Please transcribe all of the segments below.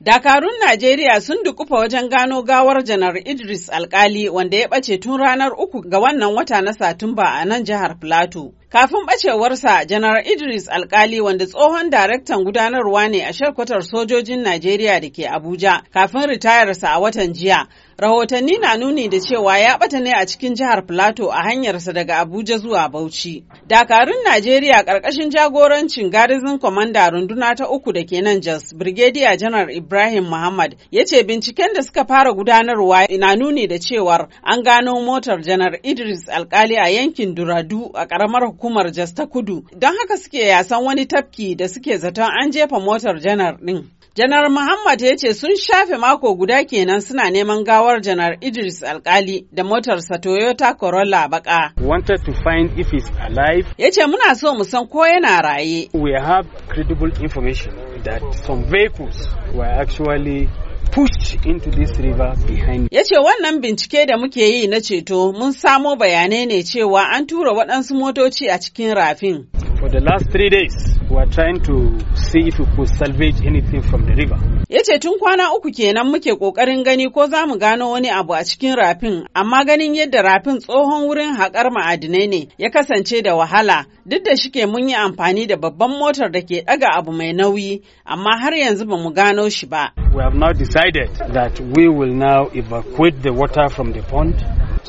Dakarun Najeriya sun dukufa wajen gano gawar janar Idris Alkali wanda ya ɓace tun ranar uku ga wannan wata na Satumba a nan jihar Plateau. Kafin bacewarsa, Janar Idris Alkali wanda tsohon daraktan gudanarwa ne a sharkwatar sojojin Najeriya da ke Abuja kafin ritayarsa a watan jiya. Rahotanni na nuni da cewa ya bata ne a cikin jihar Plateau a hanyarsa daga Abuja zuwa Bauchi. Dakarun Najeriya ƙarƙashin jagorancin garizin kwamanda runduna ta uku da ke nan Jos, Brigadier Janar Ibrahim Muhammad ya ce binciken da suka fara gudanarwa na nuni da cewar an gano motar Janar Idris Alkali a yankin Duradu a ƙaramar hukumar Jas ta Kudu don haka suke yasan wani tafki da suke zaton an jefa motar janar ɗin. Janar Muhammad ya ce sun shafe mako guda kenan suna neman gawar Janar Idris Alkali da motarsa Toyota Corolla baka. Wanted to find if he's alive. Ya ce muna so mu san ko yana raye. We have credible information that some vehicles were actually pushed into this river behind Ya ce wannan bincike da muke yi na ceto mun samo bayanai ne cewa an tura waɗansu motoci a cikin rafin. For the last three days, we are trying to see if we could salvage anything from the river. Ya ce tun kwana uku kenan muke kokarin gani ko za mu gano wani abu a cikin rafin, amma ganin yadda rafin tsohon wurin haƙar ma'adinai ne ya kasance da wahala duk da shike mun yi amfani da babban motar da ke ɗaga abu mai nauyi, amma har yanzu ba mu gano shi ba. We have now decided that we will now evacuate the water from the pond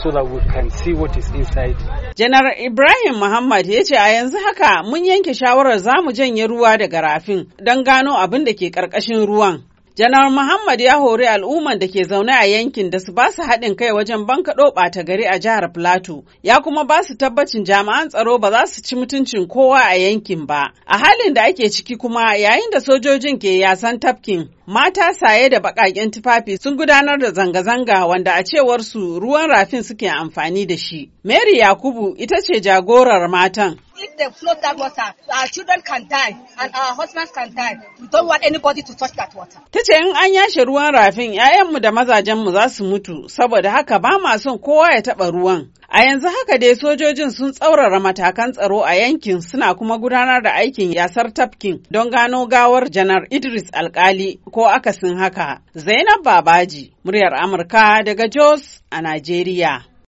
so that we can see what is inside. Janar Ibrahim Muhammad ya ce a yanzu haka mun yanke shawarar za mu janye ruwa daga rafin don gano abin da ke ƙarƙashin ruwan. Janar Muhammad ya hori al'umman da ke zaune a yankin da su ba su haɗin kai wajen bankaɗo ɓata gari a jihar Plateau, ya kuma ba su tabbacin jami'an tsaro ba za su ci mutuncin kowa a yankin ba. A halin da ake ciki kuma yayin da sojojin ke yasan tafkin, mata saye da baƙaƙen tufafi sun gudanar da zanga-zanga wanda a cewar su ruwan rafin suke amfani da shi. Mary Yakubu ita ce jagorar matan. if they float that water, our children can die and our husbands can die. We don't want anybody to touch that water. Ta ce in an yashe ruwan rafin, 'ya'yanmu da mazajenmu za su mutu, saboda haka ba ma son kowa ya taɓa ruwan. A yanzu haka dai sojojin sun tsaurara matakan tsaro a yankin suna kuma gudanar da aikin yasar tafkin don gano gawar janar Idris Alkali ko akasin haka. Zainab Babaji, muryar Amurka daga Jos a Najeriya.